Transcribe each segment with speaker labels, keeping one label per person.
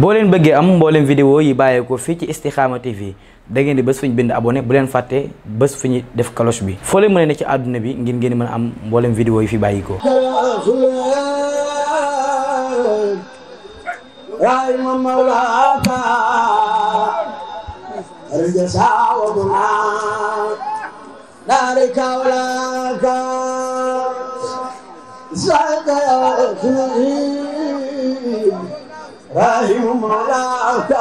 Speaker 1: boo leen bëggee am mbooleem vidéo yi bàyyeekoo fii ci Istikhama TV da ngeen di bés fu ñu bind abonné bu leen fàtte bés fu def cloche bi foo leen mën a ci àdduna bi ngir ngeen mën am mbooleem vidéo yi fi bàyyikoo
Speaker 2: waay راهم مولاك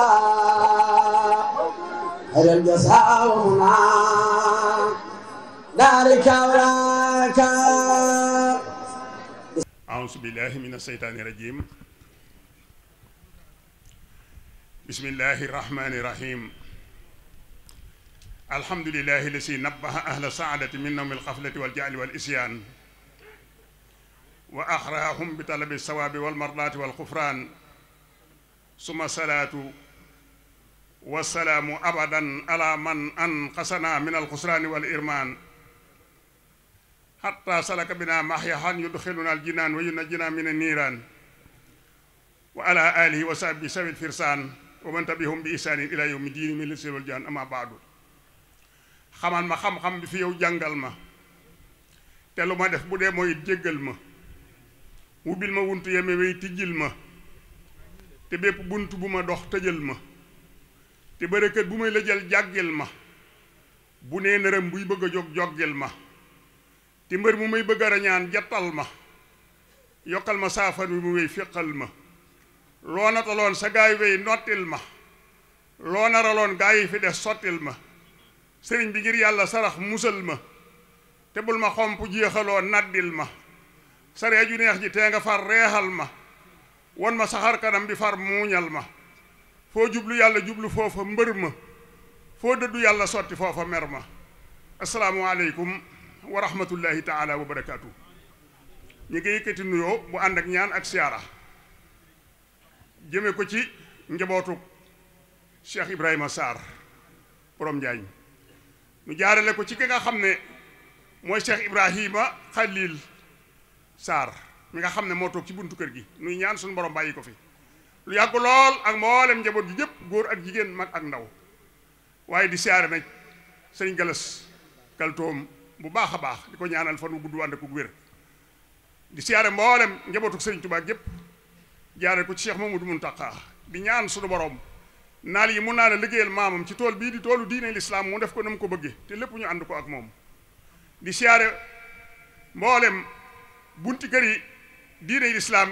Speaker 2: هذا الجزاء
Speaker 3: ومنى
Speaker 1: ذلك ولاك
Speaker 4: أعوذ بالله من الشيطان الرجيم بسم الله الرحمن الرحيم الحمد لله الذي نبه أهل السعادة من نوم الغفلة والجهل والإسيان وأخرجهم بطلب الثواب والمرضات والغفران suma salaatu wasalaamu abadan ala man anqasana min alxusraani wal irmaan xatta salaka bina maxyaxan yudxiluna aljinaan wa yunajjina min anniiraan wa ala alihi wa sahbi sawil firsaan wa man tabihum bi isaanin ila yawmi diini min lisilwal jaan ama baadu xamal ma xam-xam bi fi yow jàngal ma te lu ma def bu dee mooy jéggal ma wubbil ma wuntu yeme wey tijjil ma te bépp bunt bu ma dox tëjal ma te bërëkët bu may lëjal jàggil ma bu nee nërëm buy bëgg a jóg joggil ma te mbër mu may bëgg a rañaan jattal ma yokkal ma saafan wi mu wéy féqal ma loo nataloon sa gaay wéy nottil ma loo naraloon gaa yi fi des sottil ma sëriñ bi ngir yàlla sarax musal ma te bul ma xomp jéexaloo naddil ma saree ju neex ji tee nga far reexal ma wan ma saxaar kanam bi far muuñal ma foo jublu yàlla jublu foofa mbër ma foo dëddu yàlla sotti foofa mer ma asalaamualeykum wa rahmatullahi taala wa barakaatu ñi yëkkati nuyoo bu ànd ak ñaan ak siyaara jëme ko ci njabootu Cheikh Ibrahima Sarr borom Njaañ nu jaarale ko ci ki nga xam ne mooy Cheikh Ibrahima Khalil Sarr mi nga xam ne moo toog ci buntu kër gi nuy ñaan suñu borom bàyyi ko fi lu yàgg lool ak mboolem njaboot gi yëpp góor ak jigéen mag ak ndaw waaye di siyaare nag sëñ Galas Kaltoom bu baax a baax di ko ñaanal fan wu gudd wànd ak wér di siyaare njabootu sëriñ Tuubaa yëpp jaare ko ci Cheikh Mamadou Muntaqa di ñaan suñu borom naal yi mun naa la liggéeyal maamam ci tool bii di toolu diine lislaam mu def ko na mu ko bëggee te lépp ñu ànd ko ak moom di siyaare mboolem bunti kër yi diine lislaam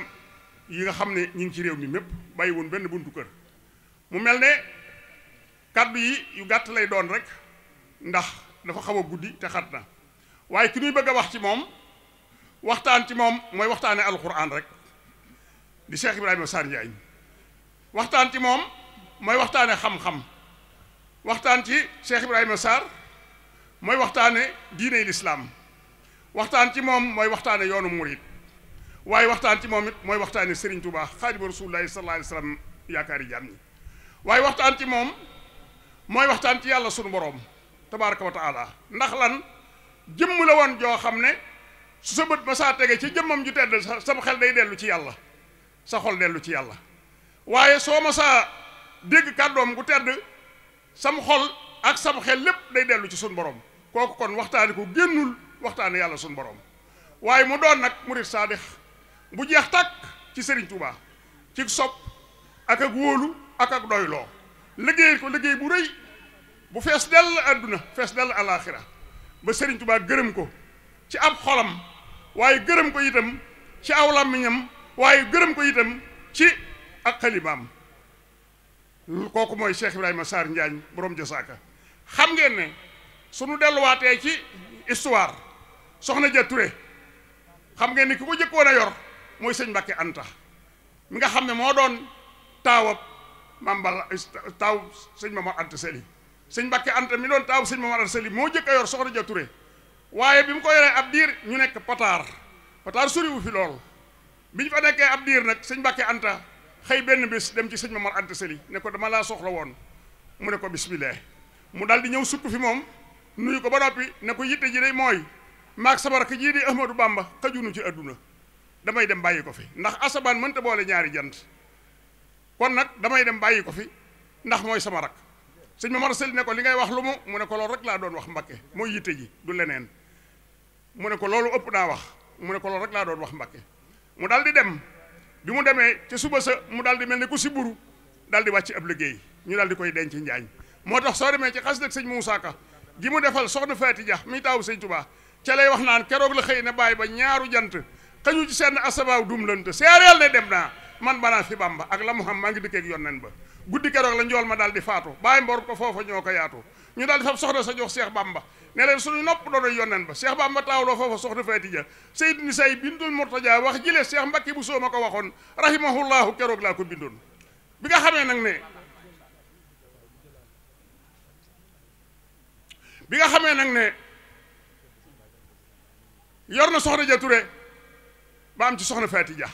Speaker 4: yi nga xam ne ñu ngi ci réew mi mépp bàyyi woon benn buntu kër mu mel ne kàddu yi yu gàtt lay doon rek ndax dafa xaw a guddi te xat na waaye ki ñuy bëgg a wax ci moom waxtaan ci moom mooy waxtaane alquran rek di Cheikh Ibrahima Sarr Ndiaye waxtaan ci moom mooy waxtaane xam-xam waxtaan ci Cheikh Ibrahima Sarr mooy waxtaane diine lislaam waxtaan ci moom mooy waxtaane yoonu murid waaye waxtaan ci moom it mooy waxtaane sëriñ Touba xaadimu rasulillahi sallallahu alayhi wa sallam yaakaari jaam ñi waaye waxtaan ci moom mooy waxtaan ci yàlla suñ boroom tabaraka wa taala ndax lan jëmm la woon joo xam ne su sa bët ma saa tege ci jëmmam ju tedd sama xel day dellu ci yàlla sa xol dellu ci yàlla waaye soo ma saa dégg kàddoom gu tedd sam xol ak sam xel lépp day dellu ci suñ borom kooku kon waxtaane ko génnul waxtaane yàlla suñ boroom waaye mu doon nag murit bu jeex tàkk ci Serigne Touba ci sob ak ak wóolu ak ak doyloo liggéey ko liggéey bu rëy bu fees dell àdduna fees dell alaaxira ba Serigne Touba gërëm ko ci ab xolam waaye gërëm ko itam ci aw làmmiñam waaye gërëm ko itam ci ak xalimaam kooku mooy Cheikh Ibrahima Sarr Njaañ borom jasaaka xam ngeen ne su sunu delluwaatee ci histoire soxna ja xam ngeen ne ki ko jëkkoon a yor mooy sëñ Mbàkke Anta mi nga xam ne moo doon taawab mambal taaw sëñ Mamar Anta Sali sëñ Mbàkke Anta mi doon taawab sëñ Mamar Anta Sali moo jëkk a yor soxna ja Touré waaye bi mu ko yoree ab diir ñu nekk Pataar Pataar soriwu fi lool bi ñu fa nekkee ab diir nag sëñ Mbàkke Anta xëy benn bés dem ci sëñ Mamar Anta Sali ne ko dama laa soxla woon mu ne ko bismillah mu daal di ñëw sukk fi moom nuyu ko ba noppi ne ko yitte ji day mooy maag sabarka jii di Ahmadou Bamba ci adduna damay dem bàyyi ko fi ndax asabaan mënta boole ñaari jant kon nag damay dem bàyyi ko fi ndax mooy sama rak sëñ Mamar Sëli ne ko li ngay wax lu mu mu ne ko loolu rek laa doon wax Mbakke mooy yitte ji du leneen mu ne ko loolu ëpp naa wax mu ne ko loolu rek laa doon wax Mbakke mu daal di dem bi mu demee ca suba sa mu daal di mel ni ku si buru daal di wàcc ab liggéey ñu daal di koy denc njaañ moo tax soo demee ca xas dëgg sëñ Moussa Ka gi mu defal soxna Faati Dia mi taawu sëñ Touba ca lay wax naan keroog la xëy na bàyyi ba ñaaru jant tañu ci seen asabaaw dum lante seereel ne dem naa man banaa fi bamba ak la mu xam maa ngi dëkkeek yonnen ba guddi keroog la njool ma daal di faatu bàyyi mbor ko foofa ñoo ko yaatu ñu daal di fab soxna sa jox seex bamba ne leen suñu nopp doonay yonnen ba seex bamba taawloo foofa soxna fayti ja sayid ni say bindul murtaja wax jile seex mbakki bu sooma ko waxoon rahimahullahu keroog laa ko bindoon bi nga xamee nag ne bi nga xamee nag ne yor na soxna ja ture ba am ci soxna Faati Ja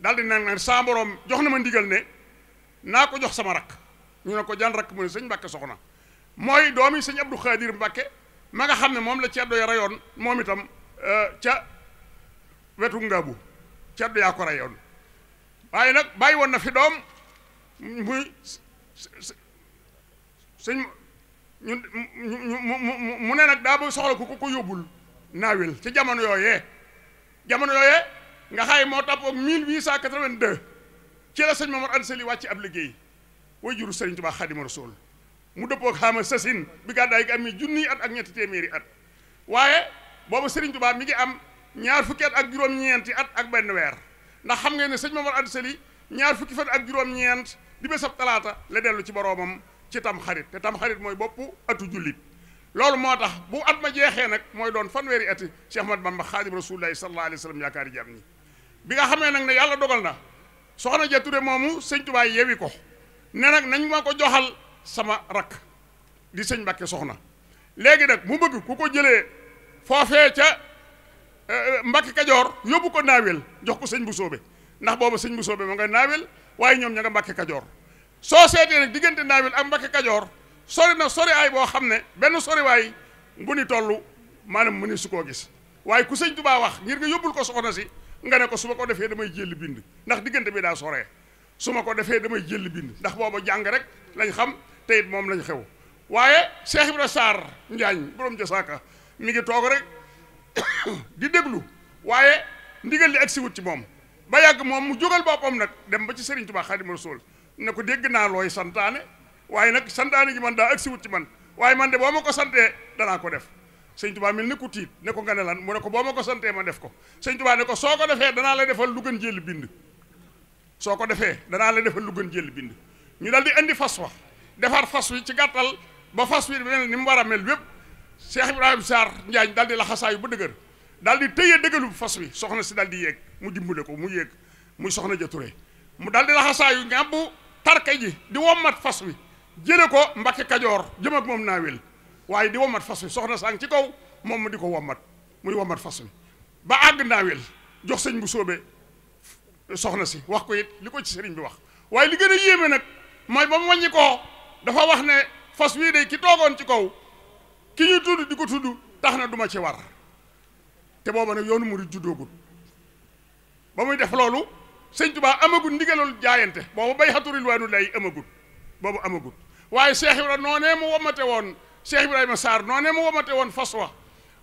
Speaker 4: daal di naan saa jox na ma ndigal ne naa ko jox sama rakk ñu ne ko jan rakk mu ne sëñ Mbàkke soxna mooy doomi sëñ Abdou Khadir Mbàkke ma nga xam ne moom la ceddo ya rayoon moom itam euh, ca wetu Ngaabu ceddo yaa rayoon waaye nag bàyyi woon na fi doom muy mu ne nag daa ba soxla ku ko ko yóbbul naawel ci jamono yooyee jamono yooyee nga xay moo tàppoog 1882 ci la sëñ Momar Anta Sali wàcc ab liggéey way juru sëriñ Tuubaa Xaadimu Rasuul mu dëppoog xaama sasin bi gàddaay gi am mi junniy at ak ñetti téeméeri at waaye boobu sëriñ Tuubaa mi ngi am ñaar fukki at ak juróom-ñeenti at ak benn weer ndax xam ngeen ne sëñ Momar Anta Sali ñaar fukki fan ak juróom-ñeent di bésab talaata la dellu ci boroomam ci tam xarit te tam mooy boppu atu jullit loolu moo tax bu at ma jeexee nag mooy doon fanweeri ati Cheikh Ahmad Bamba xaadim rasulullahi sallallahu alayhi wa sallam yaakaari jàmm ñi bi nga xamee nag na yàlla dogal na soxna ja Touré moomu sëñ Tuubaa yewi ko ne nag nañ ma ko joxal sama rakk di sëñ Mbàkke soxna léegi nag mu bëgg ku ko jëlee foofee ca euh, euh, Mbàkke Kajoor yóbbu ko naawel jox ko sëñ bu soobe ndax booba sëñ bu soobe ma nga naawel waaye ñoom ña nga Mbàkke Kajoor soo seetee nag diggante naawel ak Mbàkke Kajoor sori na ay boo xam ne benn sori soriwaay bu ni toll maanaam mu ni su koo gis waaye ku sëñ Tuubaa wax ngir nga yóbbul ko soxna si nga ne ko su ma ko defee damay jël bind ndax diggante bi daa soree su ma ko defee damay jël bind ndax booba jàng rek lañ xam te moom lañ xew waaye Cheikh Ibra Sarr Njaañ borom jasaaka mi ngi toog rek di déglu waaye ndigal li ak si ci moom ba yàgg moom mu jógal boppam nag dem ba ci Serigne Touba Xaadimu Rasuul ne ko dégg naa looy santaane. waaye nag santaane gi man daa agsiwut ci man waaye man de boo ma ko santee danaa ko def sëñ tubaa mel ni ku tiit ne nga ne lan mu ne ko boo ma ko santee ma def ko sëñ tubaa ne ko soo ko defee danaa la defal lu gën jël bind soo ko defee danaa la defal lu gën jël bind ñu dal di indi fas wa defar fas wi ci gàttal ba fas wi mel ni mu war a mel wépp Cheikh Ibrahima Sarr Njaañ dal di laxasaayu ba dëgër dal di tëye dëgëlu fas wi soxna si dal di yéeg mu dimbale ko mu yéeg muy soxna ja Touré mu dal di laxasaayu ngàmbu tarka ji di wommat fas wi jële ko Mbakke Kajoor jëm moom naa naawel waaye di womat fas wi soxna sang ci kaw moom mu di ko womat muy womat fas wi ba àgg wel jox sëñ bu sóobee soxna si wax ko it li ko ci sëriñ bi wax waaye li gën a yéeme nag mooy ba mu wàññi ko dafa wax ne fas wii de ki toogoon ci kaw ki ñu tudd di ko tudd tax na duma ci war te booba nag yoonu murid juddoogul ba muy def loolu sëñ Tuubaa amagul ndigalul jaayante boobu bay xaturil waanu lay amagul boobu amagul waaye Cheikh Ibra noonee mu womate woon Cheikh Ibrahima Sarr noonee mu womate woon fas wa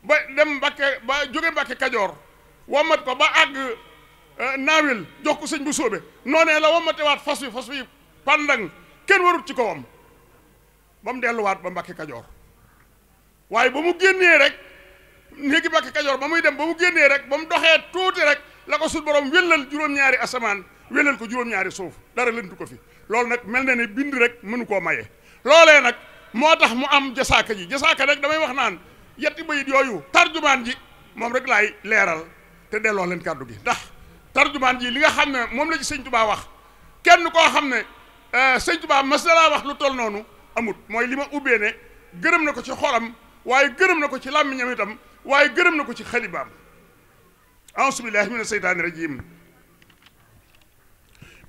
Speaker 4: ba dem Mbakke ba jóge Mbakke Kajoor womat ko ba àgg euh, naawil jox ko sëñ bu sóobe noonee la womate waat fas wi fas wi pandang kenn warut ci ko wam ba mu delluwaat ba Mbakke Kajoor waaye ba mu génnee rek néegi Mbakke Kajoor ba muy dem ba mu génnee rek ba mu doxee tuuti rek la ko suñ borom wélal juróom-ñaari asamaan wélal ko juróom-ñaari suuf dara lëntu ko fi loolu nag mel na ne bind rek mënu koo maye loole nag moo tax mu am jasaaka ji jasaaka nag damay wax naan yetti bayit yooyu tarjumaan ji moom rek laay leeral te delloo leen kàddu gi ndax tarjumaan ji li nga xam ne moom la ci sëñ Tuubaa wax kenn koo xam ne euh, sëñ Tuubaa mas na laa wax lu toll noonu amut mooy li ma ubbee ne gërëm na ko ci xolam waaye gërëm na ko ci làmmiñam itam waaye gërëm na ko ci xalibaam auzu billaahi mina seytaani rajiim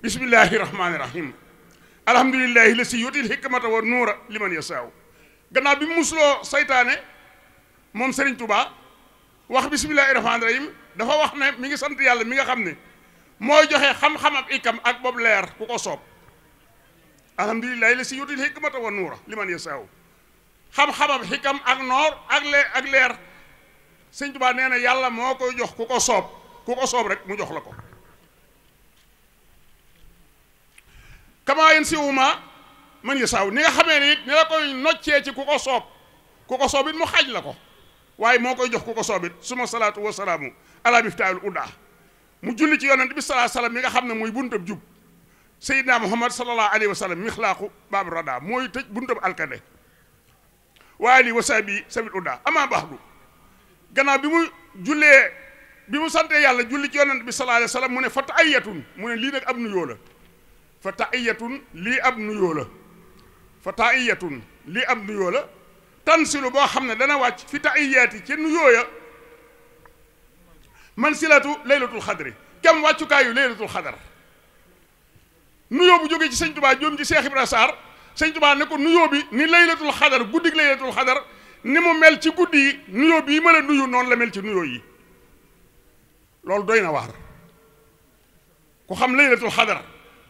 Speaker 4: bismillaahi rahmaani rahiim alhamdulillahi la si yutil hikmata wa nuura liman yasaaw gannaaw bi mu musuloo seytaane moom Serigne tubaa wax bismillahi rahmaani rahim dafa wax ne mi ngi sant yàlla mi nga xam ne mooy joxe xam-xam ak ikam ak boobu leer ku ko soob alhamdulillahi la si yutil hikmata wa nuura liman yasaaw xam-xam ak ikam ak noor ak ak leer Serigne Touba nee na yàlla moo koy jox ku ko soob ku ko soob rek mu jox la ko. kamaayen si wuma man yasaaw ni nga xamee ne it koy noccee ci ku ko soob ku ko soob it mu xaaj la ko waaye moo koy jox ku ko soob suma salaatu wa salaamu ala miftaahil udaa mu julli ci yonent bi salaa salaam mi nga xam ne mooy buntab jub Seydina Muhammad sallallahu alayhi wa sallam mixlaaqu baab rada mooy tëj buntab alkande waaye bi sabit amaa baax du gannaaw bi mu jullee bi mu sante yàlla julli ci yonent bi salaa alayhi wa sallam mu ne fata ayyatun mu ne lii nag ab nuyoo la fa taiyatun lii ab nuyoo la fa taiyatun lii ab nuyoo la tansilu boo xam ne dana wàcc fi taiyaati ci nuyoo ya man silatu laylatul xadri kem wàccukaayu laylatul xadar nuyoo bu jógee ci sëñ tubaa joom ci Seex Ibra Saar sëñ tubaa ne ko nuyoo bi ni laylatul xadar guddig laylatul xadar ni mu mel ci guddi yi nuyoo bi yi ma la nuyu noonu la mel ci nuyoo yi loolu doy na waar ku xam laylatul xadar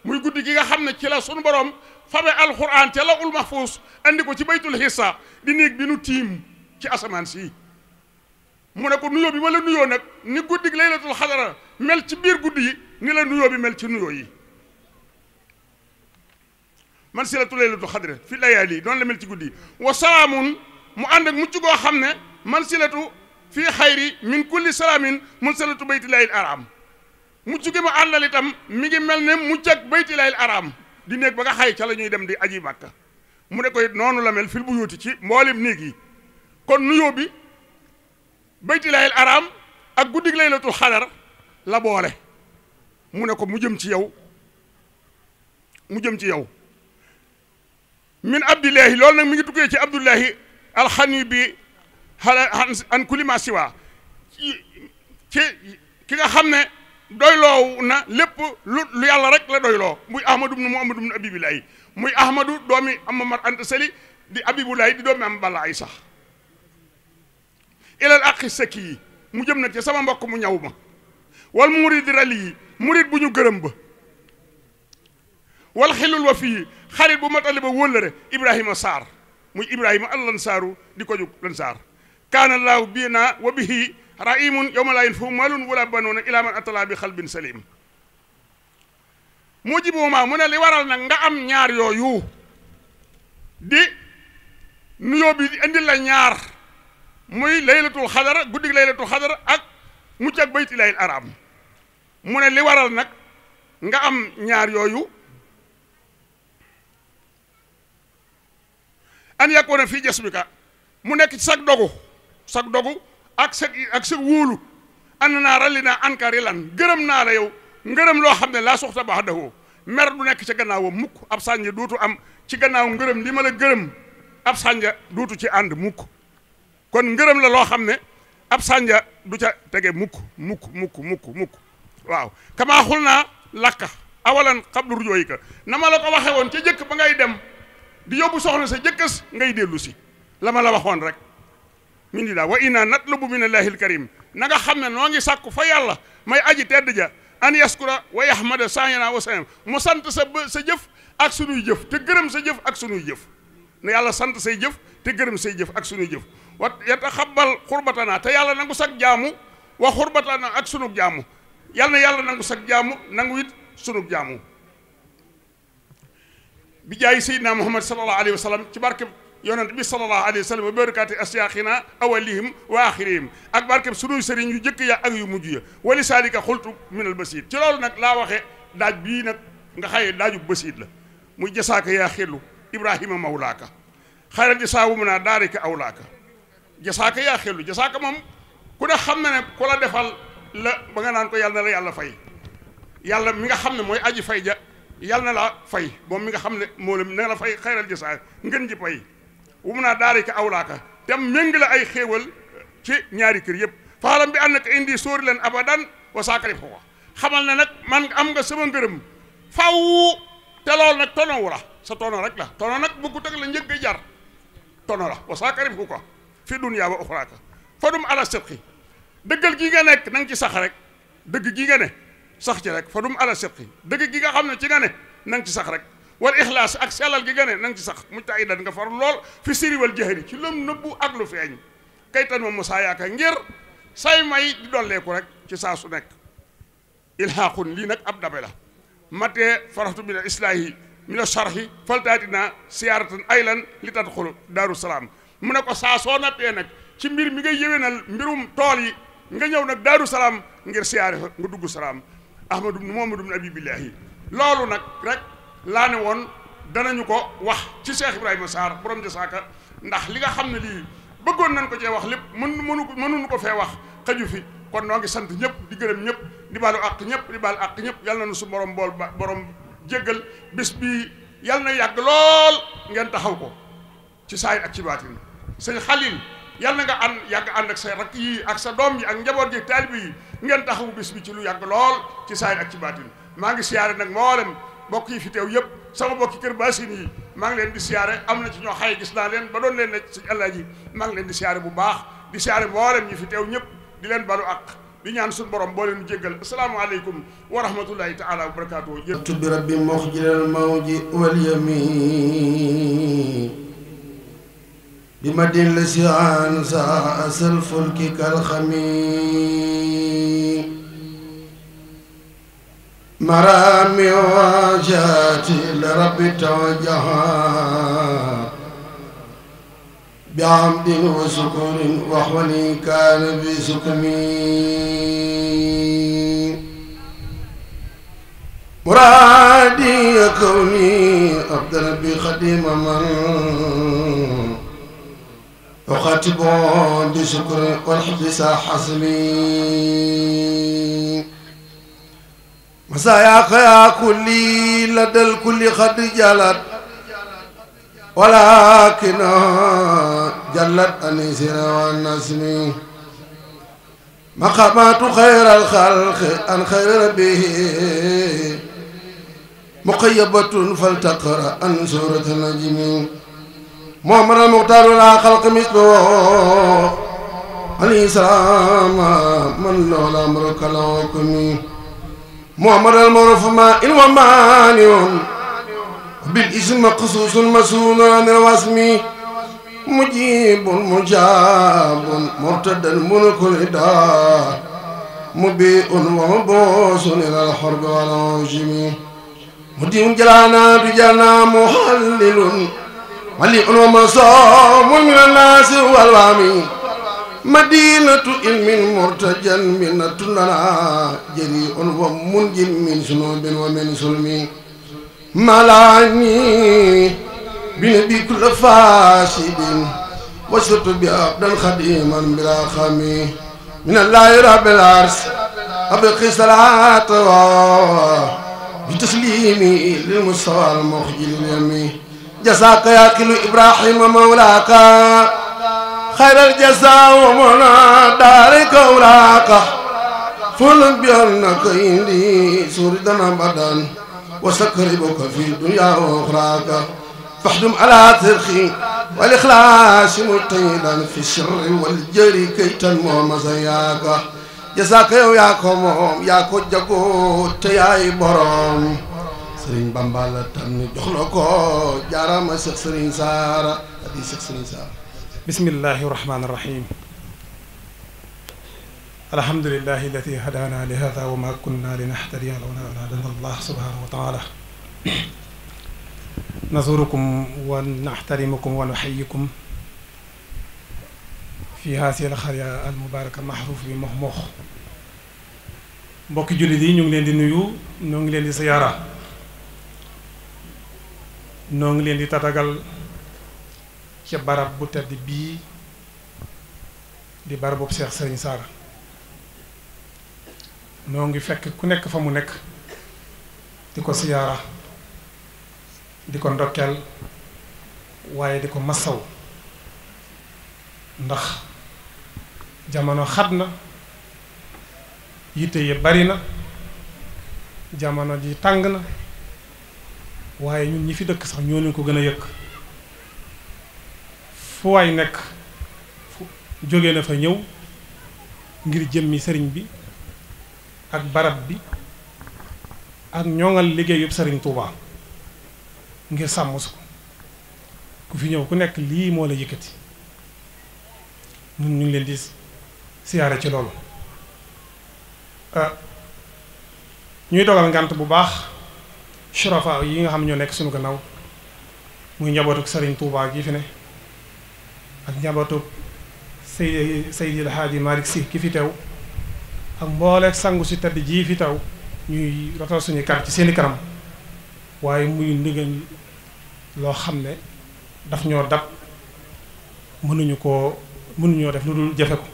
Speaker 4: muy guddi gi nga xam ne ci la sunu borom fabe alxuraan te lawul mahfuus andi ko ci baytul xissa di néeg bi nu tiim ci asamaan si mu ne ko nuyoo bi ma la nuyoo ni guddi gi laylatul xadara mel ci biir guddi yi ni la nuyoo bi mel ci nuyoo yi man silatu laylatul xadara fi layaali doon la mel ci guddi yi wa salaamun mu ànd ak mucc goo xam ne man silatu fii xayri min kulli salaamin mun silatu baytillaahil araam mucc gi mu àndal itam mi ngi mel ne mucc ak baytilayil araam di néeg ba nga xay ca lañuy ñuy dem di aji màkka mu ne koy noonu la mel fil bu yuuti ci mboolem néeg yi kon nuyoo bi baytilayil araam ak guddig laylatul xadar la boole mu ne ko mu jëm ci yow mu jëm ci yow min abdillahi loolu nag mi ngi tukkee ci abdullahi alxani bi an kulli ma siwa ci ki nga xam ne doyloo na lépp lu lu yàlla rek la doyloo muy ahmadu bnu muhammadu bnu abibulaay muy ahmadu doomi amamar anta seli di abibulaay di doomi am balla ay sax ilal aqi sëkki mu jëm na ci sama mbokk mu ñaw ma wal murid rali yi bu ñu gërëm ba wal xilul wa fii xarit bu matali ba wóllëre ibrahima saar muy ibrahima al lansaaru di ko jug lansaar kaana laahu wa bihi rahimun yawma laa yanfa'u maalun wa laa banuuna illaa man atalaa bi xalbin salim mu jibuuma mu ne li waral nag nga am ñaar yooyu di nuyoo bi indil la ñaar muy laylatul xadar guddig laylatul xadar ak mu ak bayt araam mu ne li waral nag nga am ñaar yooyu an yakuna fii jasmika mu nekk ci sag dogu sag dogu ak sa ak sa wóolu ànd naa ralli naa ankari lan gërëm naa la yow ngërëm loo xam ne laa soxta baax dawoo mer du nekk ci gannaawam mukk ab sànja dootu am ci gannaaw ngërëm li ma la gërëm ab sànja dootu ci ànd mukk kon ngërëm la loo xam ne ab sànja du ca tege mukk mukk mukk mukk mukk waaw kamaa xul naa lakka awalan xablu rujooyi ka na ma la ko waxe woon ca jëkk ba ngay dem di yóbbu soxna sa jëkkës ngay dellu si la ma la waxoon rek min di daa wa inna natlubu min allahi alkarim na nga xam ne noo ngi sàkku fa yàlla may aji tedd ja an yaskura wa yahmada saayana wa sayam mu sant sa sa jëf ak sunuy jëf te gërëm sa jëf ak sunuy jëf na yàlla sant say jëf te gërëm say jëf ak sunuy jëf wa yataxabbal xurbatana te yàlla nangu sag jaamu wa xurbatana ak sunug jaamu yàlla na yàlla nangu sag jaamu nangu it sunug jaamu bi jaay sayyidina muhammad sallallahu alayhi wa sallam ci barke yonent bi sallallahu alayhi wa sallam wa barakaati asyaaxina awalihim wa axirihim ak barkeb sunuy sëriñ yu jëkk ya ak yu mujj ya wali saalika xultu minal basiid ci loolu nag laa waxe daaj bii nag nga xaye daaju basiid la muy jasaaka yaa xillu ibrahima mawlaaka xayral jasaawu mu naa daarika awlaaka jasaaka yaa xillu jasaaka moom ku ne xam na ne ku la defal la ba nga naan ko yàlla na la yàlla fay yàlla mi nga xam ne mooy aji fay ja yàlla na laa fay moom mi nga xam ne moo na la fay xayral jasaa ngën ji wum naa daar daarika awlaaka tam méngi la ay xéewal ci ñaari kër yëpp faalam bi ànd naka indi sóori leen abadan wa saakari foofa xamal na nag man am nga sama ngërëm faw te lool nag tonowu sa tono rek la tono nag bëggu tag la njëgg jar tono la wa saakari foofa fi dunya wa uxraaka fadum ala sirqi dëggal gi nga ci sax rek dëgg gi nga ne sax ci rek fadum ala sirqi dëgg gi nga xam na ci nga ne na nga ci sax rek wal ixlaas ak sellal gi gënee na nga ci sax mu ta idan nga far lool fi siriwal jëhëri ci lum nëbbu ak lu feeñ kaytan ma musaa yaaka ngir say may di dolleeku rek ci saa su nekk ilhaaqun lii nag ab dabe la matee faratu min al islaahi min al sharhi faltaatina siyaaratan aylan li tadxulu daaru salaam mu ne ko saasoo soo nappee nag ci mbir mi ngay yëwénal mbirum tool yi nga ñëw nag daaru salaam ngir siyaare nga dugg salaam ahmadu bnu muhammadu bnu abi billahi loolu nag laa ne woon danañu ko wax ci Cheikh Ibrahima Sarr borom Jasaaka ndax li nga xam ne lii bëggoon nañ ko cee wax lépp mën mënu mënuñu ko fee wax xaju fi kon noo ngi sant ñëpp di gërëm ñëpp di baalu àq ñëpp di baalu àq ñëpp yal na nu su borom bool ba borom jéggal bés bi yal na yàgg lool ngeen taxaw ko ci saay ak ci baatin sëñ Xalil yal na nga ànd yàgg ànd ak sa rakk yi ak sa doom yi ak njaboot yi taalibe yi ngeen taxawu bés bi ci lu yàgg lool ci saay ak ci baatin maa ngi siyaare nag mboolem bokk yi fi teew yëpp sama bokki kër baasin yi maa ngi leen di siyaare am na ci ñoo xay gis naa leen ba doon leen ne allah ji maa leen di siyaare bu baax di siyaare mboolem ñi fi teew ñëpp di leen balu ak di ñaan suñu borom boo leen jéggal asalaamaaleykum wa rahmatullahi taala wa barakaatu
Speaker 3: jëtu bi rabbi muxjilal mawji wal yamin bi ma din la si an sa asal fulki kal مرامي وجاتي لرب توجها بعمد وسكر وحولي كان بسكمي مرادي كوني أبدل بخديم من أخاتب بسكر والحفظ حسمي مساياك يا كلي لدى الكل قد جلت ولكن جلت أنيسنا والنسم مقامات خير الخلق أن خير به مقيبة فلتقرأ أن سورة النجم مؤمر المختار لا خلق مثله الإسلام من لولا أمرك لو كمي محمد المعرف مائل ومانع بالاسم مقصوص مسؤول عن الوسم مجيب مجاب مرتد الملك الإداء مبيء ومبوس إلى الحرب والعجم مدين جلانا رجالنا محلل ولي ومصاب من الناس والوامين مدينة علم مرتجا منة لنا جريء ومنجم من سنوب ومن سلم ملاني بنبي كل فاسد وصرت بأبدا خديما بلا خمي من الله رب العرش أبقي صلاة بتسليمي للمستوى المخجل اليمي جزاك يا كل إبراهيم مولاك خير الجزاء ومنى دارك وراقة فلن بيرنا كيندي سوردنا بدن وسكربك في الدنيا وأخراك فاحدم على ترخي والإخلاص مطيلا في الشر والجري كي تنمو مزياك جزاك يا كوم يا كو جاكو تياي بروم سرين بامبالا تن جخلوكو جارا ما سخ سرين سارا هذه سخ سرين سارا
Speaker 5: bismillahi rahmaani rahim alhamdulilahi alladi hadaana li hada wa ma kunna linahtadiya lawla an hadana allah subhanahu wa taala nasurukum wa naxtarimukum wa nuxayikum fi haasihi alxarya almubaraka maxruuf bi mox mox mbokki jullit yi ñu ngi leen di nuyu ñoo ngi leen di siyaara ñoo ngi leen di tatagal ca barab bu tedd bii di barab boobu Seex Sëriñ Saar noo ngi fekk ku nekk fa mu nekk di ko siyaara di ko ndokkeel waaye di ko massaw ndax jamono xat na yitte yi bari na jamono ji tàng na waaye ñun ñi fi dëkk sax ñoo leen ko gën a yëkk fu waay nekk jóge na fa ñëw ngir jëmmi sëriñ bi ak barab bi ak ñoŋal liggéeyub sëriñ Touba ngir sàmm su ko ku fi ñëw ku nekk lii moo la yëkkati ñun ñu ngi leen di siyaare ci loolu ah, ñuy dogal ngant bu baax surafa yi nga xam ñoo nekk suñu gannaaw muy njabootuk sëriñ Touba gi fi ne ak njabootu Seydi Seydi El Hadji Malick Sy ki fi teew ak mbooleeg sangu si tedd jii fi teew ñuy rotal suñu kar ci seeni kanam waaye muy ndigal loo xam ne daf ñoo dab mënuñu koo mënuñoo def lu dul jafe ko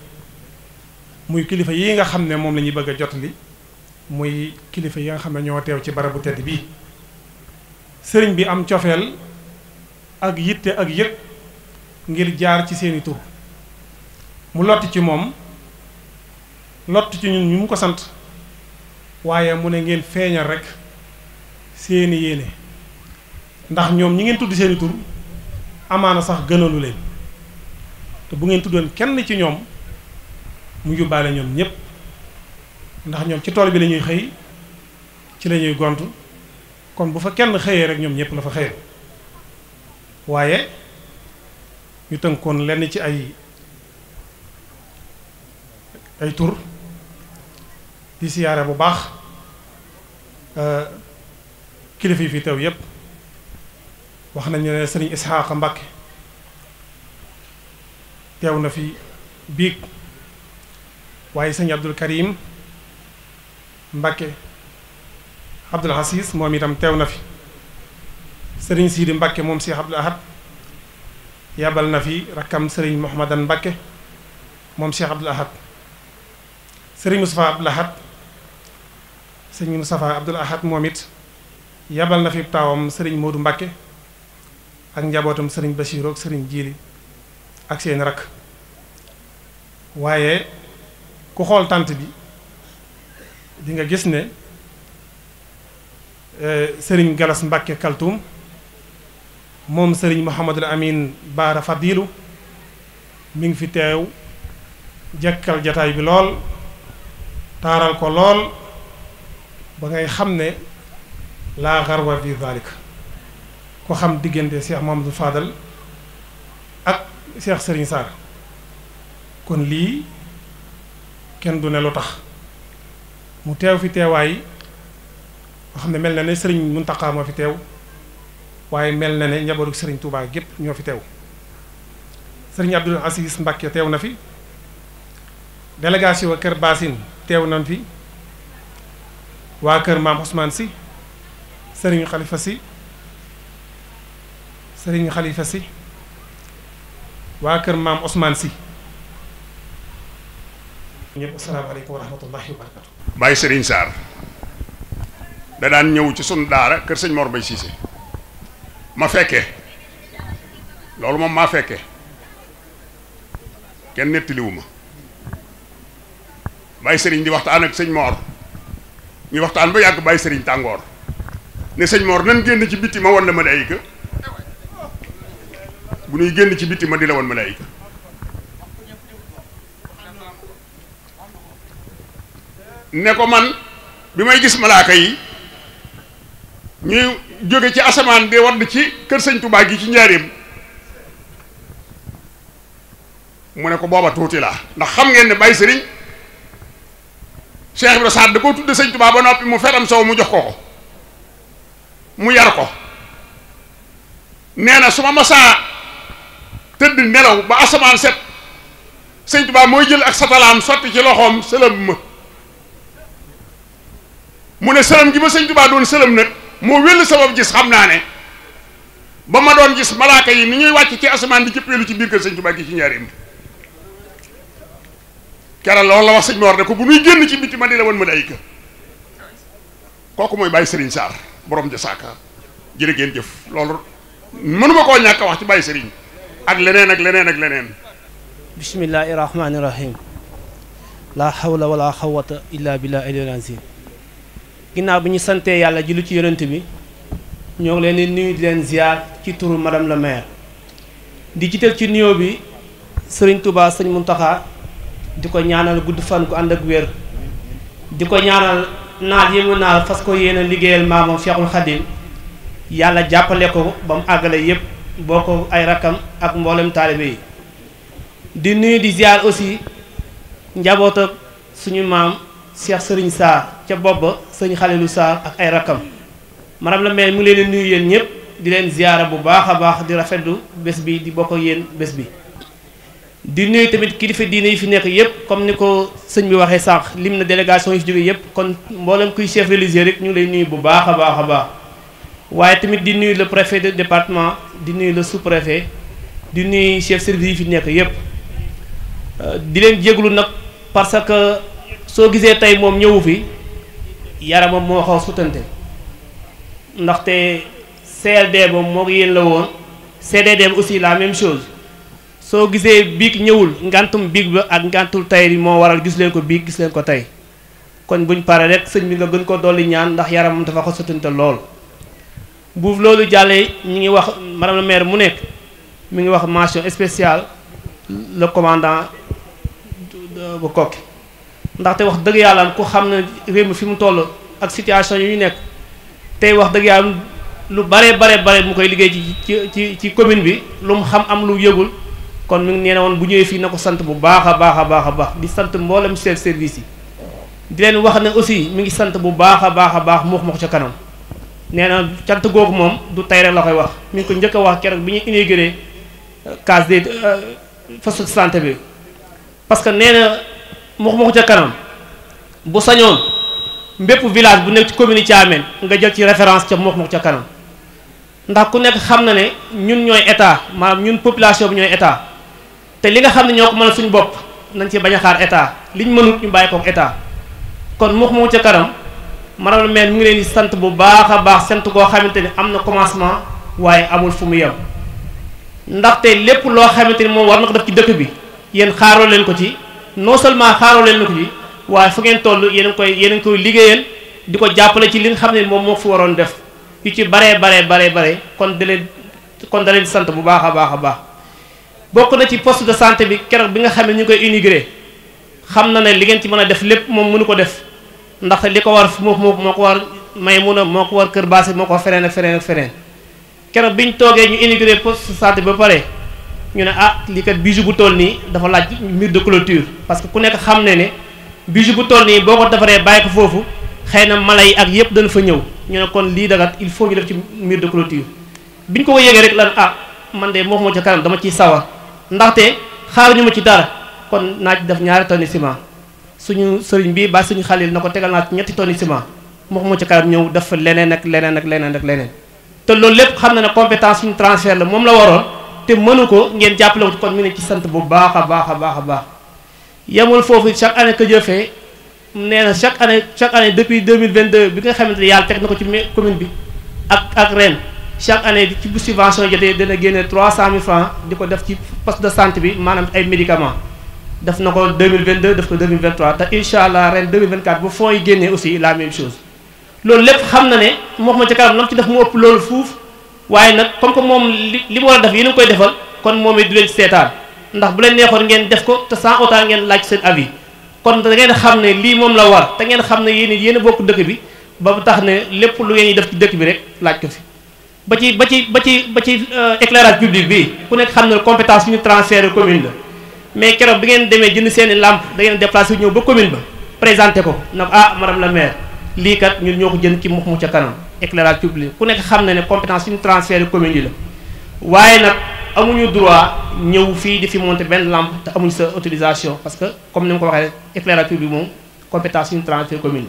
Speaker 5: muy kilifa yi nga xam ne moom lañuy ñuy bëgg a jotali muy kilifa yi nga xam ne ñoo teew ci barabu tedd bii sëriñ bi am cofeel ak yitte ak yëg ngir jaar ci seeni tur mu lott ci moom lott ci ñun ñu mu ko sant waaye mu ne ngeen feeñal rek seeni yéene ndax ñoom ñi ngeen tudd seeni tur amaana sax gënalu leen te bu ngeen tuddoon kenn ci ñoom mu yóbbaale ñoom ñépp ndax ñoom ci tool bi lañuy xëy ci lañuy gont kon bu fa kenn xëyee rek ñoom ñépp la fa xëyee waaye ñu tënkoon lenn ci ay ay tur di siyaare bu baax euh, kilifa yi fi teew yépp wax nañu ne sëriñ Isxaaqa Mbàkke teew na fi biig waaye sëñ Abdul Karim Mbàkke Abdul Xasiis moom itam teew na fi sëriñ Siidi Mbàkke moom Seex Abdul Ahad yabal na fi rakkam sëriñ Mouhamadan Mbakke moom Cheikh Abdoul Ahad sëriñ Moustapha Abdoul Ahad moom it yabal na fi taawam sëriñ Modou Mbakke ak njabootum sëriñ Bachirou ak sëriñ Jiili ak seen rakk waaye ku xool tant bi dinga gis ne eh, sëriñ Galas Mbakke Kaltum moom sëriñ Mouhamadul Amin Baara Fadilu mi ngi fi teew jekkal jataay bi lool taaral ko lool ba ngay xam ne laa garwa fi dalik ko xam diggante Cheikh Mouhamadul Fadal ak Cheikh Sëriñ Sarr kon lii kenn du ne lu tax mu teew fi teewaay nga xam ne mel na ne sëriñ mun Muntaqa moo fi teew waaye mel na ne njabootu sëriñ Touba gépp ñoo fi teew sëriñ Abdoul Aziz Mbacke teew na fi délégation waa kër Basine teew na fi waa kër maam Ousmane si sëriñ xalifa si sëriñ Khalifa si waa kër maam osmaan si ñëpp asalaamaaleykum wa rahmatullahi wa barakatu
Speaker 4: Baye Serigne Sarr da daan ñëw ci sunu daara kër sëñ Mor Bay ma fekke loolu moom maa fekke kenn nettaliwuma bàyyi sëriñ di waxtaan ak sëñ Mor ñu waxtaan ba yàgg bàyyi sëriñ tàngoor ne sëñ Mor nan génn ci bitti ma won la malaayika bu ñuy génn ci bitti ma di la won malaayika ne ko man bi may gis malaaka yi ñuy jóge ci asamaan di wadd ci kër sëñ Touba gi ci njaareem mu ne ko booba tuuti la ndax xam ngeen ne Baye Serigne Cheikh Ibra Saad da koo tudde sëñ Touba ba noppi mu feram sow mu jox ko ko mu yar ko nee na su ma masaa tëdd nelaw ba asamaan set sëñ Touba mooy jël ak satalaam sotti ci loxoom sëlëm ma mu ne sëlëm gi ma sëñ Touba doon sëlëm nag moo wéll sabab jis xam naa ne ba ma doon jis malaaka yi ni ñuy wàcc ci asamaan di cëppeelu ci biir kër sëñ Tuubaa gi ci njaareem keral loolu la wax sëñ Mor ne ko bu nuy génn ci biti ma di la woon malaayika kooku mooy Baye Serigne Sarr borom ja saaka jërë ngeen jëf loolu mënuma koo ñàkk wax ci Baye Serigne ak leneen ak leneen ak leneen
Speaker 1: bismillahi rahmaani rahim la hawla wala xawata illa billah alil azim ginnaaw bi ñu santee yàlla ji lu ci yonent bi ñoo ngi leen di nuyu di leen ziar ci turu madame la maire di jiital ci nuyoo bi sëriñ Touba sëñ Muntaxa di ko ñaanal gudd fan gu ànd ak wér di ko ñaanal naal yi mu naal fas ko yéene liggéeyal maamam Cheikhul Khadim yàlla jàppale ko ba àggale yépp boo ko ay rakkam ak mboolem taalibe yi di nuyu di ziar aussi njaboot suñu maam Cheikh Serigne Sarr ca booba sëñ Xalilu Sarr ak ay rakkam madame la maire mu ngi leen nuyu yéen ñëpp di leen ziyaara bu baax a baax di rafetlu bés bi di bokk ak yéen bés bi. di nuyu tamit kilifa diine yi fi nekk yëpp comme ni ko sëñ bi waxee sànq lim na délégation yi fi jógee yëpp kon mboolem kuy chef religieux rek ñu ngi lay nuyu bu baax a baax a baax waaye tamit di nuyu le préfet de département di nuyu le sous-préfet di nuyu chef service yi fi nekk yëpp euh, di soo gisee tey moom ñëwu fi yaramam moo xaw sutante ndaxte CLD ba moo yéen la woon CDD ba aussi la même chose soo gisee biig ñëwul ngantum biig ba ak ngantul tey bi moo waral gis leen ko biig gis leen ko tey kon buñ pare rek sëñ bi nga gën ko dolli ñaan ndax yaramam dafa xaw sutante lool bu loolu jàllee ñi ngi wax madame maire mu nekk mu ngi wax mention spéciale le commandant bu Koki ndaxte wax dëgg yàlla ku xam na réew mi fi mu toll ak situation yu ñu nekk tey wax dëgg yàlla lu bare bare bare mu koy liggéey ci ci ci ci commune bi lu mu xam am lu yëgul kon mi ngi nee woon bu ñëwee fii na ko sant bu baax a baax a baax a baax di sant mboolem chef service yi di leen wax ne aussi mi ngi sant bu baax a baax a baax mu wax ko ca kanam nee na cant googu moom du tey rek la koy wax mi ngi ko njëkk a wax keroog bi ñu inauguré case euh, de poste bi mux mux ca kanam bu sañoon mbépp village bu nekk ci commune ameen nga jël ci référence ca mux mux ca kanam ndax ku nekk xam na ne ñun ñooy état maanaam ñun population bi ñooy état te li nga xam ne ñoo ko mën suñu bopp nañ ci bañ a xaar état liñ mënut ñu bàyyi kook état kon mux mux ca kanam madame le maire mi ngi leen di sant bu baax a baax sant koo xamante ni am na commencement waaye amul fu mu yem ndaxte lépp loo xamante ni moom war na ko def ci dëkk bi yéen xaaroo leen ko ci non seulement xaaroo leen lu ko ci waaye fu ngeen toll yéen a koy yéen a ngi koy liggéeyal di ko jàppale ci li nga xam ne moom moo fi waroon def yu ci baree baree baree bare kon da leen kon da leen sant bu baax a baax a baax bokk na ci poste de santé bi keroog bi nga xam ne ñu koy inauguré xam na ne li ngeen ci mën a def lépp moom mënu ko def ndax li ko war moom moo ko war Maymuna moo ko war Kër Baasi moo ko feneen ak feneen ak feneen keroog biñ toogee ñu inauguré poste de santé ba pare ñu ne ah lii kat bijou bu toll nii dafa laaj mur de clôture parce que ku nekk xam ne ne bijou bu toll nii boo ko defaree bàyyi ko foofu xëy na mala yi ak yëpp dana fa ñëw ñu ne kon lii dagat il faut ñu def ci mur de clôture bi ñu ko ko yëgee rek lan ah man de moo ma ca kanam dama ciy sawar ndaxte xaar ñu ma ci dara kon naaj ci def ñaari tonni ciment suñu sëriñ bi ba suñu xalil na ko tegal naa ci ñetti tonni ciment moo ma ca kanam ñëw def leneen ak leneen ak leneen ak leneen te suñu transfert la moom la waroon te mënu ko ngeen jàppale ko ci kon mi ne ci sant bu baax a baax a baax yemul foofu chaque année que Dieu fait nee na chaque année chaque année depuis 2022 bi nga xamante ne yàlla teg na ko ci commune bi ak ak ren chaque année ci bu subvention jotee dana génne 300000 francs di ko def ci poste de santé bi maanaam ay médicaments def na ko 2022 def ko 2023 te incha allah ren 2024 bu fonds yi génnee aussi la même chose loolu lépp na ne moo xam waaye nag comme que moom li li mu war a def yéen a koy defal kon moom it du leen seetaan ndax bu leen neexoon ngeen def ko te sans autant ngeen laaj seen avis kon da ngeen xam ne lii moom la war te ngeen xam ne yéen it yéen a bokk dëkk bi ba bu tax ne lépp lu ngeen def ci dëkk bi rek laaj ko si ba ci ba ci ba ci ba ci euh, éclairage public bi ku nekk xam ne compétence ñu transfert commune la mais keroog bi ngeen demee jënd seen i lampe da ngeen déplacé ñëw ba commune ba présenté ko na ah la maire lii ñun ñoo ko jënd ci Moukhmou ca kanam éclairage public ku nekk xam na ne compétence suñu transfert commune yi la waaye nag amuñu droit ñëw fii di fi monter benn lampe te amuñu sa autorisation parce que comme ni ma ko waxee éclairage public moom compétence suñu transfert commune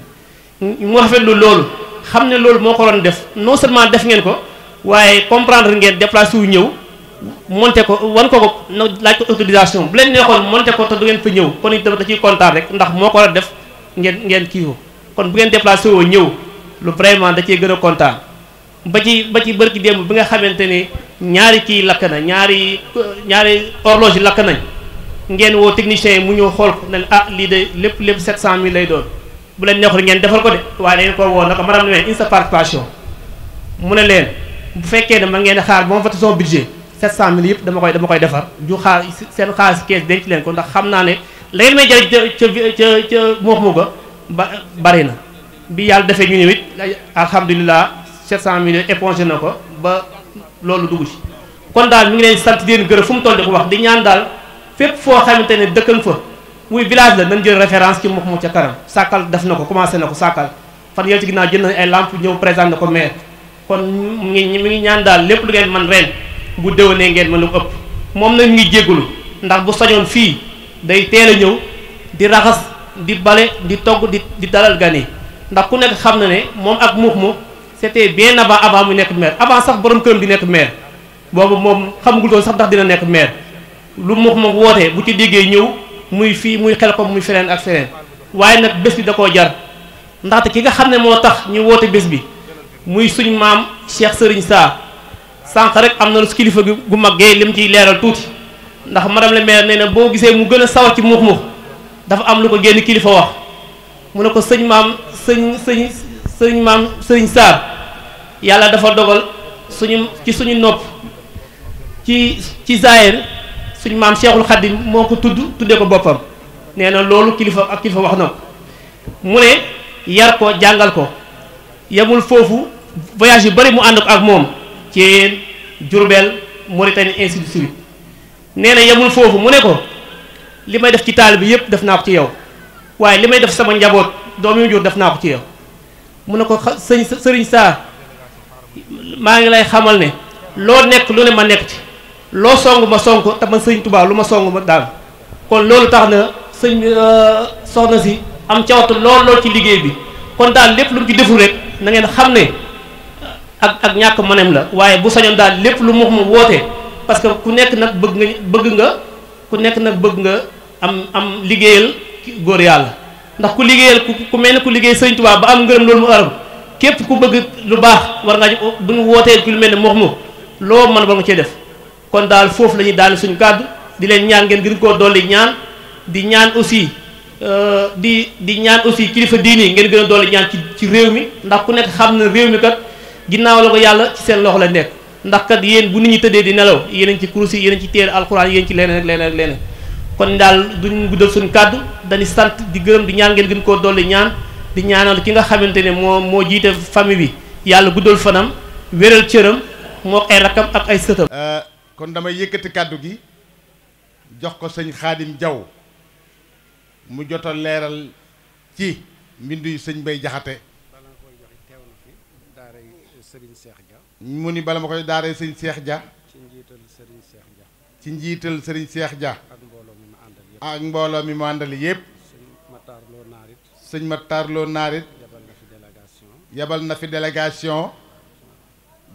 Speaker 1: yi mu lu loolu xam ne loolu moo ko doon def non seulement def ngeen ko waaye comprendre ngeen déplacé wu ñëw monté ko wan ko ko na laaj ko autorisation bu leen neexoon monté ko te du ngeen fa ñëw kon itam da ciy kontaan rek ndax moo ko def ngeen ngeen kii ko kon bu ngeen déplacé woo ñëw lu vraiment da cee gën a kontaan ba ci ba ci bërki démb bi nga xamante ne ñaari kii lakk na ñaari ñaari horloge lakk nañ ngeen woo technicien yi mu ñëw xool ko ne ah lii de lépp lépp 700000 lay doon bu leen neexul ngeen defal ko de waaye dañu ko woo naka man le maire une sa participation mu ne leen bu fekkee ne ma ngeen xaar ba ma fàtte son budget 700000 yëpp dama koy dama koy defar ju xaar seen xaalis kees denc leen ko ndax xam ne la ngeen may jëriñ ca ca ca ca ba bari na bi yàlla defee ñu ñëw it alhamdulilah 700 millions épongé na ko ba loolu dugg ci kon daal ñu ngi leen sant di fu mu toll di ko wax di ñaan daal fépp foo xamante ne dëkkan fa muy village la nañ jël référence ci Moukhma ca kanam Sakal def na ko commencé na ko Sakal fan yële ci ginnaaw jël nañ ay lamp ñëw présenté na ko maire kon mu ngi mi ngi ñaan daal lépp lu ngeen man reen bu déwénee ngeen mën lu ko ëpp moom nag ñu ngi jégalu ndax bu sañoon fii day teel a ñëw di raxas di bale di togg di di dalal gan ndax ku nekk xam na ne moom ak muux mu c'était bien avant avant mu nekk maire avant sax borom këram di nekk maire boobu moom xamagul doon sax ndax dina nekk maire lu muux moom wootee bu ci déggee ñëw muy fii muy xel ko muy feneen ak feneen waaye nag bés bi da koo jar ndaxte ki nga xam ne moo tax ñu woote bés bi muy suñ maam Cheikh Serigne saa sànq rek am na lu kilifa gu maggee lim ciy leeral tuuti ndax madame le maire nee nag boo gisee mu gën a sawar ci muux muux dafa am lu ko génn kilifa wax mu ne ko sëñ maam sëñ sëñ sëñ maam sëñ Saar yàlla dafa dogal suñu ci suñu nopp ci ci zaahir suñu maam Cheikhul Khadim moo ko tudd tuddee ko boppam nee na loolu kilifa ak kilifa wax na mu ne yar ko jàngal ko yamul foofu voyage yu bari mu ànd ko ak moom ci Jurbel Mauritanie ainsi de suite nee na yamul foofu mu ne ko li may def ci taal bi yëpp def naa ko ci yow waaye li may def sama njaboot doom yu jur def naa ko ci yow mu ne ko sëñ sëriñ saa maa ngi lay xamal ne loo nekk lu ne ma nekk ci loo song ma sonk ko te man sëñ Tuubaa lu ma song ma daal kon loolu tax na sëñ euh, soxna si am cawtu lool lool ci liggéey bi kon daal lépp lu mu ci deful rek na ngeen xam ne ak ak ñàkk manem la waaye bu sañoon daal lépp lu mu mu wootee parce que ku nekk nag bëgg nga bëgg nga ku nekk nag bëgg nga am am liggéeyal góor yàlla ndax ku liggéeyal ku ku mel ne ku liggéey sëñ Tuubaa ba am ngërëm loolu mu aram képp ku bëgg lu baax war ngaa bu ñu wootee ku lu mel ne moox mu loo man war nga cee def kon daal foofu la ñuy daal suñu kàddu di leen ñaan ngeen gën koo dolli ñaan di ñaan aussi euh, di di ñaan aussi kilifa diini yi ngeen gën a dolli ñaan ci réew mi ndax ku nekk xam na réew mi kat ginnaaw la ko yàlla ci seen loxo la nekk ndax kat yéen bu nit ñi tëddee di nelaw yéen ci kursi yéen ci téere alxuraan yéen ci leneen kon daal duñ guddal suñ kàddu dañuy sant di gërëm di ñaan ngeen gën koo dolli ñaan di ñaanal ki nga xamante ne moo moo jiite famille bi yàlla guddal fanam wéral cëram moo ay rakam ak ay sëtam. Euh, kon damay yëkkati kàddu gi jox ko sëñ Xaadim Jaw
Speaker 6: mu jot leeral ci mbindu yu sëñ Bay Jaxate mu ni bala ma koy daaray sëñ Seex Ja.
Speaker 7: ci njiital Seex Ja.
Speaker 8: ci njiital sëriñ Cheikh
Speaker 6: Dia ak mbooloo mi mu àndal yépp
Speaker 8: sëñ Matar Lo naarit
Speaker 6: yabal na fi délégation